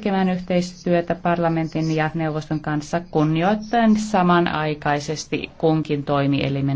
tekemään yhteistyötä parlamentin ja neuvoston kanssa kunnioittaen samanaikaisesti kunkin toimielimen